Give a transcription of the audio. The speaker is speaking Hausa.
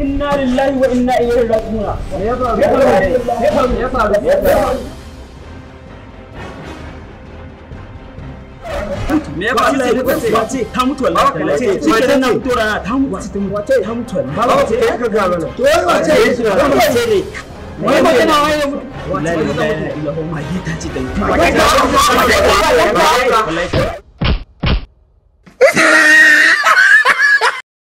inna lillahi wa inna ilaihi raji'un me ya faru ce ta mutu wallahi ta ce nan mutu ta mutu ta mutu wace ta mutu wallahi ka ga to wai wace wace ne wai wai mutu ta ce wace